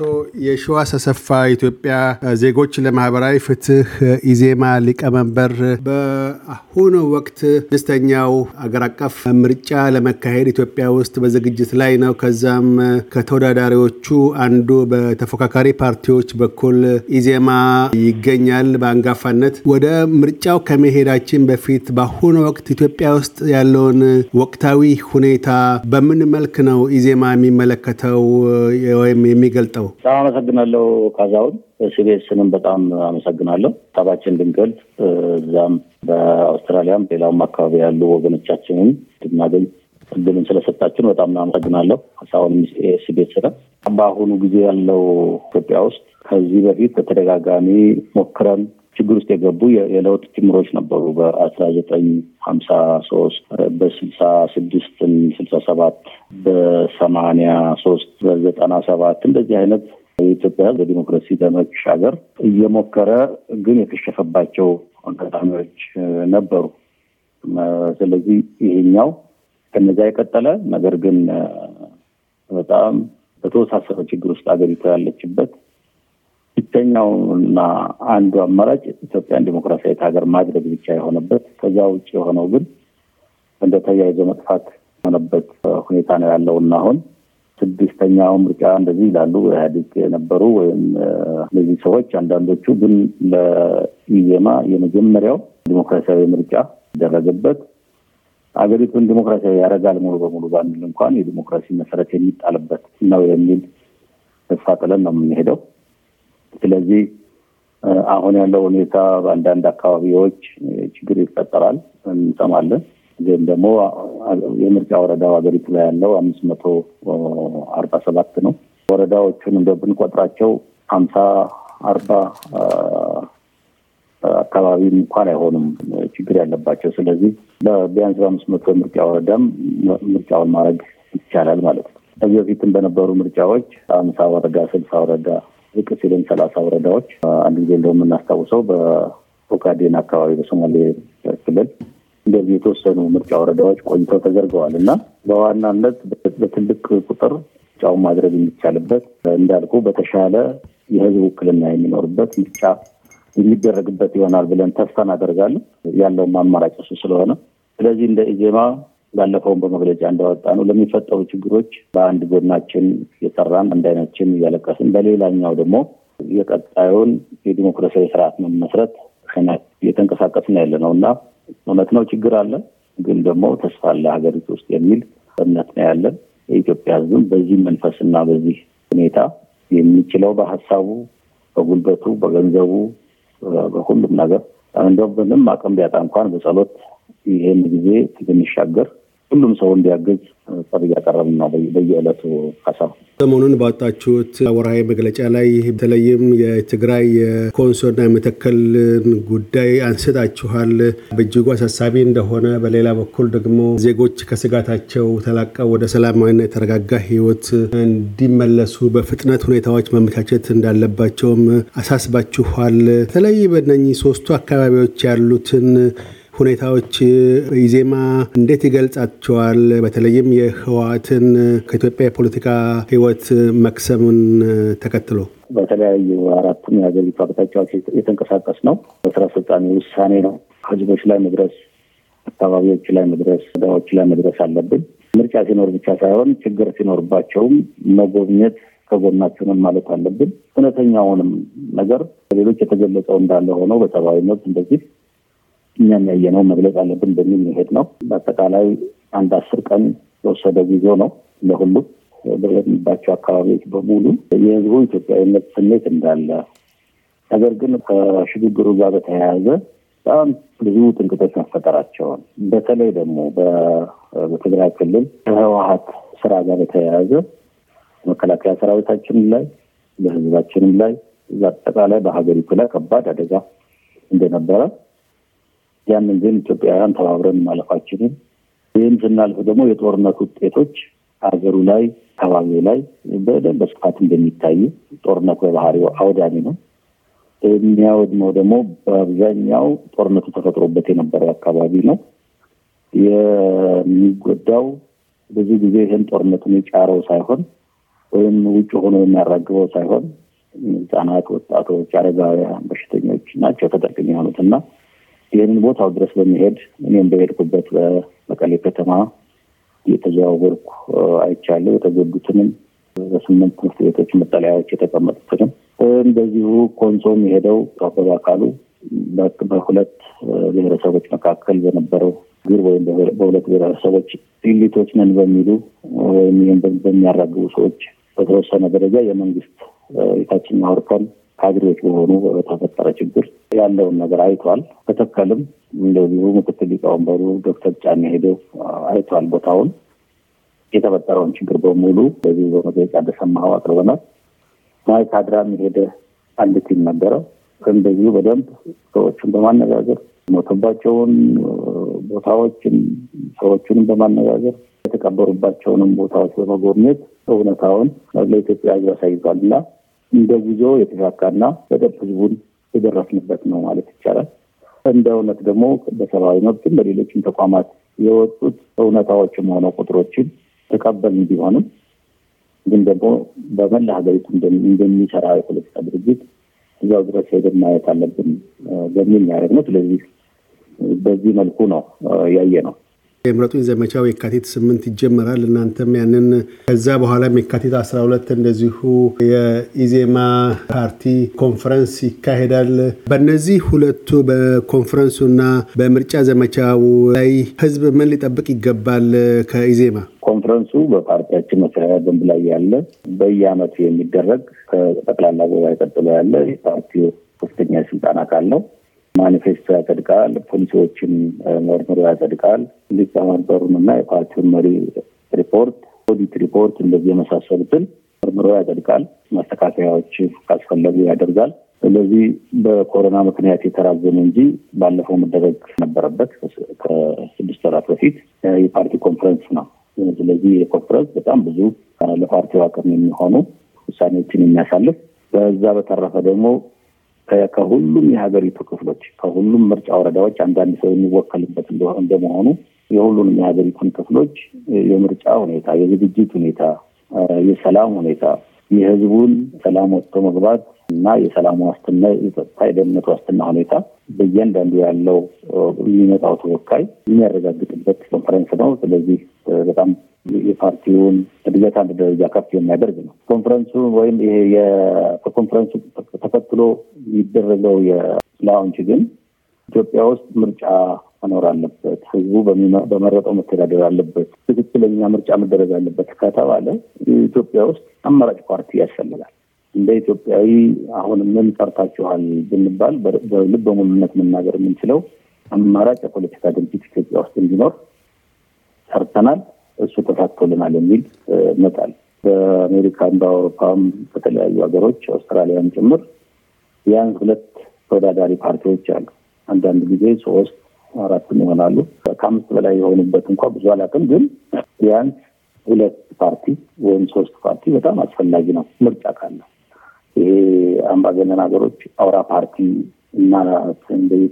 አቶ የሸዋስ አሰፋ ኢትዮጵያ ዜጎች ለማህበራዊ ፍትህ ኢዜማ ሊቀመንበር፣ በአሁኑ ወቅት ስድስተኛው አገር አቀፍ ምርጫ ለመካሄድ ኢትዮጵያ ውስጥ በዝግጅት ላይ ነው። ከዛም ከተወዳዳሪዎቹ አንዱ በተፎካካሪ ፓርቲዎች በኩል ኢዜማ ይገኛል በአንጋፋነት። ወደ ምርጫው ከመሄዳችን በፊት በአሁኑ ወቅት ኢትዮጵያ ውስጥ ያለውን ወቅታዊ ሁኔታ በምን መልክ ነው ኢዜማ የሚመለከተው ወይም የሚገልጠው? በጣም አመሰግናለሁ ካሳሁን። ሲቤስንም በጣም አመሰግናለሁ። ሀሳባችን ብንገልጽ እዛም በአውስትራሊያም ሌላውም አካባቢ ያሉ ወገኖቻችንን እንድናገኝ እድሉን ስለሰጣችን በጣም አመሰግናለሁ። ሀሳሁን ሲቤስ በአሁኑ ጊዜ ያለው ኢትዮጵያ ውስጥ ከዚህ በፊት በተደጋጋሚ ሞክረን ችግር ውስጥ የገቡ የለውጥ ጅምሮች ነበሩ። በአስራ ዘጠኝ ሀምሳ ሶስት በስልሳ ስድስትም ስልሳ ሰባት በሰማኒያ ሶስት በዘጠና ሰባት እንደዚህ አይነት የኢትዮጵያ ሕዝብ በዲሞክራሲ ለመሻገር እየሞከረ ግን የከሸፈባቸው አጋጣሚዎች ነበሩ። ስለዚህ ይሄኛው ከነዚያ የቀጠለ ነገር ግን በጣም በተወሳሰበ ችግር ውስጥ አገሪቱ ያለችበት ብቸኛው እና አንዱ አማራጭ ኢትዮጵያን ዲሞክራሲያዊት ሀገር ማድረግ ብቻ የሆነበት ከዚያ ውጭ የሆነው ግን እንደ ተያይዞ መጥፋት የሆነበት ሁኔታ ነው ያለው እና አሁን ስድስተኛው ምርጫ እንደዚህ ይላሉ ኢህአዴግ የነበሩ ወይም እነዚህ ሰዎች አንዳንዶቹ ግን ለኢዜማ የመጀመሪያው ዲሞክራሲያዊ ምርጫ ይደረግበት አገሪቱን ዲሞክራሲያዊ ያደርጋል ሙሉ በሙሉ ባንል እንኳን የዲሞክራሲ መሰረት የሚጣልበት ነው የሚል ተስፋ ጥለን ነው የምንሄደው። ስለዚህ አሁን ያለው ሁኔታ በአንዳንድ አካባቢዎች ችግር ይፈጠራል እንሰማለን። ግን ደግሞ የምርጫ ወረዳው ሀገሪቱ ላይ ያለው አምስት መቶ አርባ ሰባት ነው። ወረዳዎቹን እንደ ብንቆጥራቸው ሀምሳ አርባ አካባቢ እንኳን አይሆኑም ችግር ያለባቸው። ስለዚህ ቢያንስ በአምስት መቶ ምርጫ ወረዳም ምርጫውን ማድረግ ይቻላል ማለት ነው። ከዚህ በፊትም በነበሩ ምርጫዎች አምሳ ወረዳ ስልሳ ወረዳ ዝቅ ሲልም ሰላሳ ወረዳዎች አንድ ጊዜ እንደው የምናስታውሰው በኦጋዴን አካባቢ በሶማሌ ክልል እንደዚህ የተወሰኑ ምርጫ ወረዳዎች ቆይተው ተዘርገዋል እና በዋናነት በትልቅ ቁጥር ምርጫውን ማድረግ የሚቻልበት እንዳልኩ በተሻለ የህዝብ ውክልና የሚኖርበት ምርጫ የሚደረግበት ይሆናል ብለን ተስፋ እናደርጋለን። ያለውም አማራጭ እሱ ስለሆነ ስለዚህ እንደ ኢዜማ ባለፈውን በመግለጫ እንዳወጣ ነው ለሚፈጠሩ ችግሮች በአንድ ጎናችን የጠራን አንድ አይናችን እያለቀስን፣ በሌላኛው ደግሞ የቀጣዩን የዲሞክራሲያዊ ስርዓት መመስረት አይነት እየተንቀሳቀስን ያለ ነው እና እውነት ነው ችግር አለ፣ ግን ደግሞ ተስፋ አለ ሀገሪቱ ውስጥ የሚል እምነት ነው ያለን። የኢትዮጵያ ሕዝብም በዚህ መንፈስና በዚህ ሁኔታ የሚችለው በሀሳቡ፣ በጉልበቱ፣ በገንዘቡ፣ በሁሉም ነገር እንደው ምንም አቅም ቢያጣ እንኳን በጸሎት ይህን ጊዜ እንደሚሻገር ሁሉም ሰው እንዲያግዝ ጥሪ እያቀረብን ነው። በየዕለቱ ሀሳብ ሰሞኑን ባወጣችሁት ወርሃዊ መግለጫ ላይ በተለይም የትግራይ የኮንሶና የመተከልን ጉዳይ አንስታችኋል። በእጅጉ አሳሳቢ እንደሆነ፣ በሌላ በኩል ደግሞ ዜጎች ከስጋታቸው ተላቀው ወደ ሰላማዊና የተረጋጋ ህይወት እንዲመለሱ በፍጥነት ሁኔታዎች መመቻቸት እንዳለባቸውም አሳስባችኋል። በተለይ በእነኚህ ሶስቱ አካባቢዎች ያሉትን ሁኔታዎች ኢዜማ እንዴት ይገልጻቸዋል? በተለይም የህወሓትን ከኢትዮጵያ የፖለቲካ ህይወት መክሰምን ተከትሎ በተለያዩ አራቱም የሀገሪቱ አቅጣጫዎች የተንቀሳቀስ ነው። በስራ አስፈጻሚ ውሳኔ ነው። ህዝቦች ላይ መድረስ፣ አካባቢዎች ላይ መድረስ፣ ዳዎች ላይ መድረስ አለብን። ምርጫ ሲኖር ብቻ ሳይሆን ችግር ሲኖርባቸውም መጎብኘት ከጎናችንን ማለት አለብን። እውነተኛውንም ነገር ሌሎች የተገለጸው እንዳለ ሆኖ በሰብአዊ መብት እንደዚህ እኛም ያየነው መግለጽ አለብን በሚል መሄድ ነው። በአጠቃላይ አንድ አስር ቀን የወሰደ ጉዞ ነው። ለሁሉም በሚባቸው አካባቢዎች በሙሉ የህዝቡ ኢትዮጵያዊነት ስሜት እንዳለ፣ ነገር ግን ከሽግግሩ ጋር በተያያዘ በጣም ብዙ ጥንቅቶች መፈጠራቸውን በተለይ ደግሞ በትግራይ ክልል ከህወሀት ስራ ጋር በተያያዘ መከላከያ ሰራዊታችን ላይ በህዝባችንም ላይ በአጠቃላይ በሀገሪቱ ላይ ከባድ አደጋ እንደነበረ ያንን ግን ኢትዮጵያውያን ተባብረን ማለፋችንን ይህም ስናልፍ ደግሞ የጦርነት ውጤቶች ሀገሩ ላይ አካባቢ ላይ በደንብ በስፋት እንደሚታዩ ጦርነቱ በባህሪው አውዳሚ ነው። የሚያወድመው ደግሞ በአብዛኛው ጦርነቱ ተፈጥሮበት የነበረው አካባቢ ነው። የሚጎዳው ብዙ ጊዜ ይህን ጦርነቱን የጫረው ሳይሆን ወይም ውጭ ሆኖ የሚያራግበው ሳይሆን ህጻናት፣ ወጣቶች፣ አረጋውያን፣ በሽተኞች ናቸው ተጠቅሚ የሆኑት እና ይህንን ቦታው ድረስ በመሄድ እኔም በሄድኩበት በመቀሌ ከተማ እየተዘዋወርኩ አይቻለሁ። የተጎዱትንም በስምንት ትምህርት ቤቶች መጠለያዎች የተቀመጡትንም እንደዚሁ ኮንሶም የሄደው አበባ አካሉ በሁለት ብሔረሰቦች መካከል በነበረው ግር ወይም በሁለት ብሔረሰቦች ኢሊቶች ነን በሚሉ ወይም በሚያራግቡ ሰዎች በተወሰነ ደረጃ የመንግስት የታችኛ ወርከን ካድሬዎች በሆኑ በተፈጠረ ችግር ያለውን ነገር አይቷል። ተተከልም እንደዚሁ ምክትል ሊቀወንበሩ ዶክተር ጫኔ ሄደው አይተዋል ቦታውን የተፈጠረውን ችግር በሙሉ በዚህ በመግለጫ እንደሰማኸው አቅርበናል። ማይካድራም ሄደ አንድ ቲም ነበረው። እንደዚሁ በደንብ ሰዎቹን በማነጋገር ሞቶባቸውን ቦታዎችን ሰዎቹንም በማነጋገር የተቀበሩባቸውንም ቦታዎች በመጎብኘት እውነታውን ለኢትዮጵያ ሕዝብ አሳይቷል እና እንደ ጉዞ የተሳካና በደንብ ሕዝቡን የደረስንበት ነው ማለት ይቻላል። እንደ እውነት ደግሞ በሰብአዊ መብትም በሌሎችም ተቋማት የወጡት እውነታዎችም ሆነ ቁጥሮችን ተቀበልን ቢሆንም ግን ደግሞ በመላ ሀገሪቱ እንደሚሰራ የፖለቲካ ድርጅት እዚያው ድረስ ሄደን ማየት አለብን በሚል ያደረግ ነው። ስለዚህ በዚህ መልኩ ነው ያየ ነው። የምረጡኝ ዘመቻው የካቲት ስምንት ይጀመራል። እናንተም ያንን ከዛ በኋላም የካቲት 12 እንደዚሁ የኢዜማ ፓርቲ ኮንፈረንስ ይካሄዳል። በእነዚህ ሁለቱ በኮንፈረንሱና በምርጫ ዘመቻው ላይ ህዝብ ምን ሊጠብቅ ይገባል? ከኢዜማ ኮንፈረንሱ በፓርቲያችን መሰሪያ ደንብ ላይ ያለ በየአመቱ የሚደረግ ከጠቅላላ ጉባኤ ቀጥሎ ያለ የፓርቲው ከፍተኛ የስልጣን አካል ነው። ማኒፌስቶ ያጸድቃል፣ ፖሊሲዎችን መርምሮ ያጸድቃል። ሊቀመንበሩን እና የፓርቲውን መሪ ሪፖርት፣ ኦዲት ሪፖርት እንደዚህ የመሳሰሉትን መርምሮ ያጸድቃል። ማስተካከያዎች ካስፈለጉ ያደርጋል። ስለዚህ በኮሮና ምክንያት የተራዘመ እንጂ ባለፈው መደረግ ነበረበት። ከስድስት ወራት በፊት የፓርቲ ኮንፈረንስ ነው። ስለዚህ የኮንፈረንስ በጣም ብዙ ለፓርቲው አቅም የሚሆኑ ውሳኔዎችን የሚያሳልፍ በዛ በተረፈ ደግሞ ከሁሉም የሀገሪቱ ክፍሎች ከሁሉም ምርጫ ወረዳዎች አንዳንድ ሰው የሚወከልበት እንደመሆኑ የሁሉንም የሀገሪቱን ክፍሎች የምርጫ ሁኔታ፣ የዝግጅት ሁኔታ፣ የሰላም ሁኔታ፣ የህዝቡን ሰላም ወጥቶ መግባት እና የሰላም ዋስትና የጸጥታ የደህንነት ዋስትና ሁኔታ በእያንዳንዱ ያለው የሚመጣው ተወካይ የሚያረጋግጥበት ኮንፈረንስ ነው። ስለዚህ በጣም የፓርቲውን እድገት አንድ ደረጃ ከፍ የሚያደርግ ነው። ኮንፈረንሱ ወይም ይሄ ከኮንፈረንሱ ተከትሎ የሚደረገው የላውንች ግን ኢትዮጵያ ውስጥ ምርጫ መኖር አለበት፣ ህዝቡ በመረጠው መተዳደር አለበት፣ ትክክለኛ ምርጫ መደረግ አለበት ከተባለ ኢትዮጵያ ውስጥ አማራጭ ፓርቲ ያስፈልጋል። እንደ ኢትዮጵያዊ አሁን ምን ቀርታችኋል ብንባል በልብ በሙሉነት መናገር የምንችለው አማራጭ የፖለቲካ ድርጅት ኢትዮጵያ ውስጥ እንዲኖር ሰርተናል። እሱ ተሳክቶልናል የሚል መጣል በአሜሪካም በአውሮፓም በተለያዩ ሀገሮች አውስትራሊያም ጭምር ቢያንስ ሁለት ተወዳዳሪ ፓርቲዎች አሉ። አንዳንድ ጊዜ ሶስት አራትም ይሆናሉ። ከአምስት በላይ የሆኑበት እንኳ ብዙ አላውቅም፣ ግን ቢያንስ ሁለት ፓርቲ ወይም ሶስት ፓርቲ በጣም አስፈላጊ ነው ምርጫ ካለ። ይሄ አምባገነን ሀገሮች አውራ ፓርቲ እና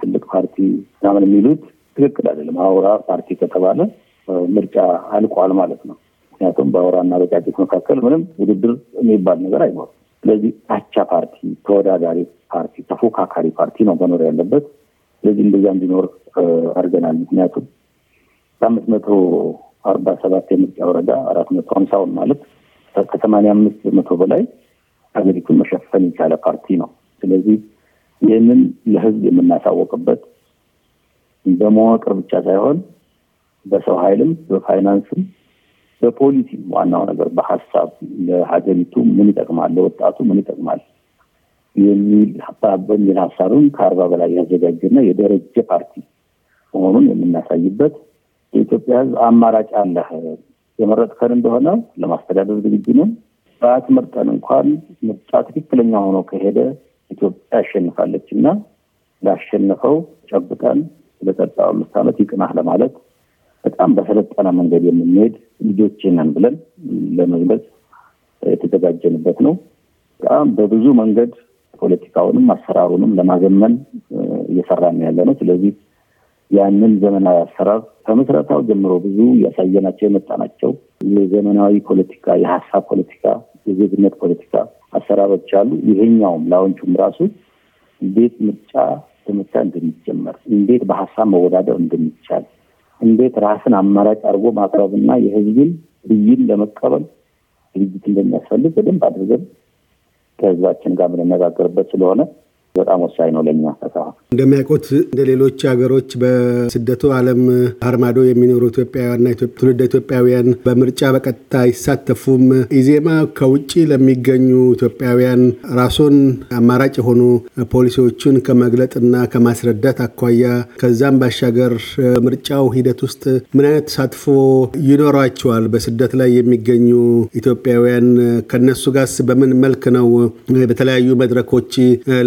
ትልቅ ፓርቲ ምናምን የሚሉት ትክክል አይደለም። አውራ ፓርቲ ከተባለ ምርጫ አልቋል ማለት ነው። ምክንያቱም በአውራና በጫጭት መካከል ምንም ውድድር የሚባል ነገር አይኖርም። ስለዚህ አቻ ፓርቲ፣ ተወዳዳሪ ፓርቲ፣ ተፎካካሪ ፓርቲ ነው መኖር ያለበት። ስለዚህ እንደዚያ እንዲኖር አድርገናል። ምክንያቱም ከአምስት መቶ አርባ ሰባት የምርጫ ወረዳ አራት መቶ ሀምሳውን ማለት ከሰማንያ አምስት መቶ በላይ ሀገሪቱን መሸፈን የቻለ ፓርቲ ነው። ስለዚህ ይህንን ለህዝብ የምናሳወቅበት በመዋቅር ብቻ ሳይሆን በሰው ኃይልም በፋይናንስም በፖሊሲም ዋናው ነገር በሀሳብ ለሀገሪቱ ምን ይጠቅማል፣ ለወጣቱ ምን ይጠቅማል የሚል በሚል ሀሳብም ከአርባ በላይ ያዘጋጅና የደረጀ ፓርቲ መሆኑን የምናሳይበት የኢትዮጵያ ሕዝብ አማራጭ አለህ የመረጥከን እንደሆነ ለማስተዳደር ዝግጁ ነን። ባትመርጠን እንኳን ምርጫ ትክክለኛ ሆኖ ከሄደ ኢትዮጵያ ያሸንፋለች እና ላሸነፈው ጨብጠን ለቀጣዩ አምስት ዓመት ይቅናህ ለማለት በጣም በሰለጠነ መንገድ የምንሄድ ልጆች ነን ብለን ለመግለጽ የተዘጋጀንበት ነው። በጣም በብዙ መንገድ ፖለቲካውንም አሰራሩንም ለማዘመን እየሰራን ያለ ነው። ስለዚህ ያንን ዘመናዊ አሰራር ከምስረታው ጀምሮ ብዙ ያሳየናቸው የመጣናቸው የዘመናዊ ፖለቲካ፣ የሀሳብ ፖለቲካ፣ የዜግነት ፖለቲካ አሰራሮች አሉ። ይሄኛውም ላውንቹም ራሱ እንዴት ምርጫ ዘመቻ እንደሚጀመር እንዴት በሀሳብ መወዳደር እንደሚቻል እንዴት ራስን አማራጭ አድርጎ ማቅረብና የህዝብን ብይን ለመቀበል ዝግጅት እንደሚያስፈልግ በደንብ አድርገን ከህዝባችን ጋር የምንነጋገርበት ስለሆነ በጣም ወሳኝ ነው ለኛ ፈተና። እንደሚያውቁት እንደ ሌሎች ሀገሮች በስደቱ ዓለም አርማዶ የሚኖሩ ኢትዮጵያውያንና ትውልደ ኢትዮጵያውያን በምርጫ በቀጥታ አይሳተፉም። ኢዜማ ከውጭ ለሚገኙ ኢትዮጵያውያን ራሱን አማራጭ የሆኑ ፖሊሲዎቹን ከመግለጥና ከማስረዳት አኳያ ከዛም ባሻገር በምርጫው ሂደት ውስጥ ምን አይነት ተሳትፎ ይኖራቸዋል? በስደት ላይ የሚገኙ ኢትዮጵያውያን ከነሱ ጋርስ በምን መልክ ነው በተለያዩ መድረኮች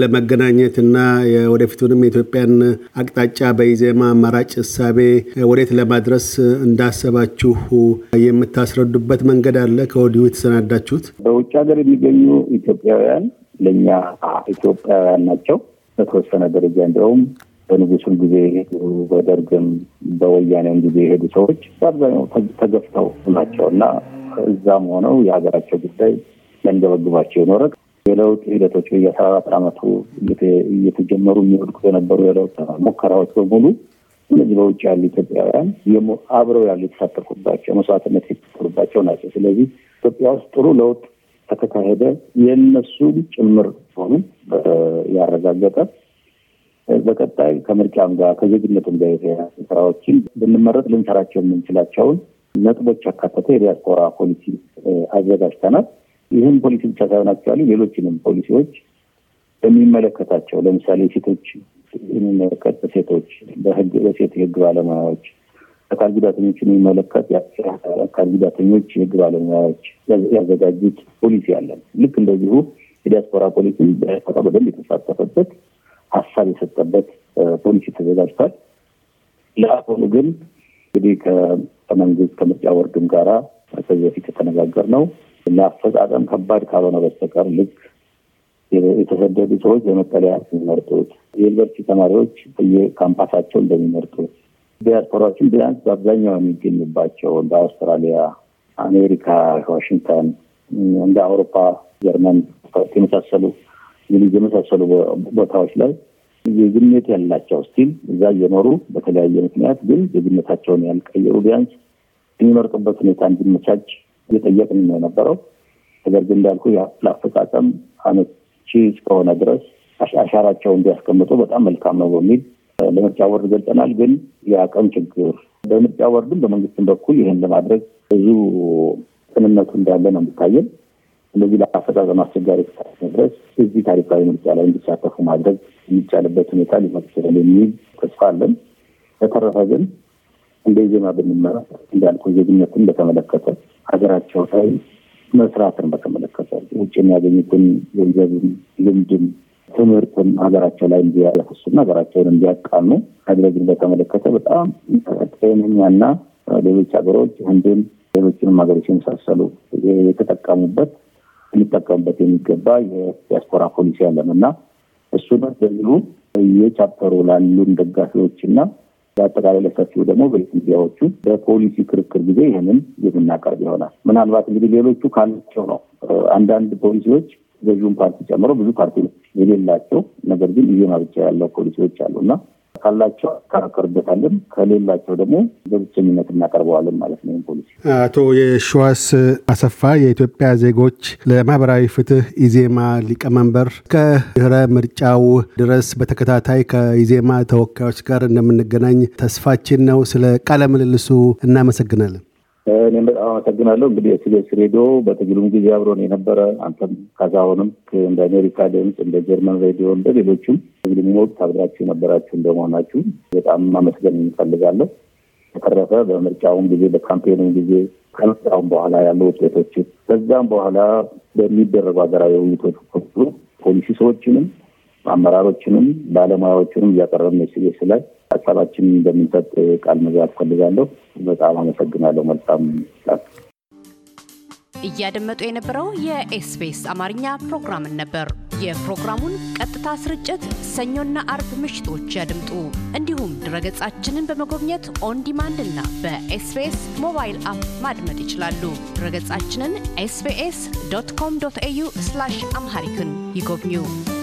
ለመገ ለመገናኘትና የወደፊቱንም የኢትዮጵያን አቅጣጫ በኢዜማ አማራጭ እሳቤ ወዴት ለማድረስ እንዳሰባችሁ የምታስረዱበት መንገድ አለ? ከወዲሁ የተሰናዳችሁት? በውጭ ሀገር የሚገኙ ኢትዮጵያውያን ለእኛ ኢትዮጵያውያን ናቸው። በተወሰነ ደረጃ እንዲያውም በንጉሱም ጊዜ በደርግም በወያኔም ጊዜ የሄዱ ሰዎች በአብዛኛው ተገፍተው ናቸው እና እዛም ሆነው የሀገራቸው ጉዳይ ለንገበግባቸው የኖረ የለውጥ ሂደቶች በየአስራ አራት ዓመቱ እየተጀመሩ የሚወድቁ የነበሩ የለውጥ ሙከራዎች በሙሉ እነዚህ በውጭ ያሉ ኢትዮጵያውያን አብረው ያሉ የተሳተፉባቸው መስዋዕትነት የተከፈሉባቸው ናቸው። ስለዚህ ኢትዮጵያ ውስጥ ጥሩ ለውጥ ከተካሄደ የእነሱ ጭምር ሆኑ ያረጋገጠ በቀጣይ ከምርጫም ጋር ከዜግነትም ጋር የተያያዙ ስራዎችን ብንመረጥ ልንሰራቸው የምንችላቸውን ነጥቦች ያካተተ የዲያስፖራ ፖሊሲ አዘጋጅተናል። ይህን ፖሊሲ ብቻ ሳይሆን አክቹዋሊ ሌሎችንም ፖሊሲዎች በሚመለከታቸው ለምሳሌ ሴቶች የሚመለከት በሴቶች በህግ በሴት የህግ ባለሙያዎች አካል ጉዳተኞች የሚመለከት አካል ጉዳተኞች የህግ ባለሙያዎች ያዘጋጁት ፖሊሲ አለን። ልክ እንደዚሁ የዲያስፖራ ፖሊሲ ዲያስፖራ በደንብ የተሳተፈበት ሀሳብ የሰጠበት ፖሊሲ ተዘጋጅቷል። ለአሁኑ ግን እንግዲህ ከመንግስት ከምርጫ ቦርድም ጋራ ከዚህ በፊት የተነጋገር ነው ለአፈጻጸም ከባድ ካልሆነ በስተቀር ልክ የተሰደዱ ሰዎች በመጠለያ የሚመርጡት የዩኒቨርሲቲ ተማሪዎች በየካምፓሳቸው እንደሚመርጡት ዲያስፖራዎችን ቢያንስ በአብዛኛው የሚገኙባቸው እንደ አውስትራሊያ፣ አሜሪካ፣ ዋሽንግተን፣ እንደ አውሮፓ፣ ጀርመን የመሳሰሉ እንግዲህ የመሳሰሉ ቦታዎች ላይ የግነት ያላቸው ስቲል እዛ እየኖሩ በተለያየ ምክንያት ግን የግነታቸውን ያልቀየሩ ቢያንስ የሚመርጡበት ሁኔታ እንዲመቻች እየጠየቅን ነው የነበረው። ነገር ግን እንዳልኩ ለአፈጻጸም አመቺ እስከሆነ ድረስ አሻራቸውን ቢያስቀምጡ በጣም መልካም ነው በሚል ለምርጫ ቦርድ ገልጸናል። ግን የአቅም ችግር በምርጫ ቦርድም በመንግስትም በኩል ይህን ለማድረግ ብዙ ቅንነቱ እንዳለ ነው የሚታየን። ስለዚህ ለአፈጻጸም አስቸጋሪ ድረስ እዚህ ታሪካዊ ምርጫ ላይ እንዲሳተፉ ማድረግ የሚቻልበት ሁኔታ ሊመስል የሚል ተስፋ አለን። በተረፈ ግን እንደ ዜማ ብንመራ እንዳልኩ ዜግነትን በተመለከተ ሀገራቸው ላይ መስራትን በተመለከተ ውጭ የሚያገኙትን ገንዘብን፣ ልምድን፣ ትምህርትን ሀገራቸው ላይ እንዲያለፍሱና ሀገራቸውን እንዲያቃኑ ማድረግን በተመለከተ በጣም ጤነኛና ሌሎች ሀገሮች ህንድን፣ ሌሎችንም ሀገሮች የመሳሰሉ የተጠቀሙበት ሊጠቀሙበት የሚገባ የዲያስፖራ ፖሊሲ ያለን እና እሱን በሚሉ የቻፕተሩ ላሉን ደጋፊዎች ደጋፊዎችና በአጠቃላይ ለሰፊው ደግሞ በሚዲያዎቹ በፖሊሲ ክርክር ጊዜ ይህንን የምናቀርብ ይሆናል። ምናልባት እንግዲህ ሌሎቹ ካላቸው ነው አንዳንድ ፖሊሲዎች ገዥውን ፓርቲ ጨምሮ ብዙ ፓርቲዎች የሌላቸው ነገር ግን እየመርጫ ያለው ፖሊሲዎች አሉ እና ካላቸው አከራከርበታለን፣ ከሌላቸው ደግሞ በብቸኝነት እናቀርበዋለን ማለት ነው። ፖሊሲ አቶ የሸዋስ አሰፋ የኢትዮጵያ ዜጎች ለማህበራዊ ፍትህ ኢዜማ ሊቀመንበር፣ ከድህረ ምርጫው ድረስ በተከታታይ ከኢዜማ ተወካዮች ጋር እንደምንገናኝ ተስፋችን ነው። ስለ ቃለ ምልልሱ እናመሰግናለን። እኔም በጣም አመሰግናለሁ። እንግዲህ የስቤስ ሬዲዮ በትግሉም ጊዜ አብሮን የነበረ አንተም ካሳሁንም እንደ አሜሪካ ድምፅ፣ እንደ ጀርመን ሬዲዮ፣ እንደ ሌሎችም ትግሉም ወቅት አብራችሁ የነበራችሁ እንደመሆናችሁ በጣም ማመስገን እንፈልጋለሁ። በተረፈ በምርጫውም ጊዜ በካምፔኑም ጊዜ ከምርጫውም በኋላ ያሉ ውጤቶች፣ ከዛም በኋላ በሚደረጉ ሀገራዊ ውይይቶች ሁሉ ፖሊሲ ሰዎችንም አመራሮችንም ባለሙያዎችንም እያቀረብን ስቤስ ላይ ሀሳባችን በሚሰጥ ቃል መግባት ፈልጋለሁ። በጣም አመሰግናለሁ። መልካም እያደመጡ የነበረው የኤስቢኤስ አማርኛ ፕሮግራምን ነበር። የፕሮግራሙን ቀጥታ ስርጭት ሰኞና አርብ ምሽቶች ያድምጡ። እንዲሁም ድረገጻችንን በመጎብኘት ኦን ዲማንድ እና በኤስቢኤስ ሞባይል አፕ ማድመጥ ይችላሉ። ድረገጻችንን ኤስቢኤስ ዶት ኮም ዶት ኤዩ አምሃሪክን ይጎብኙ።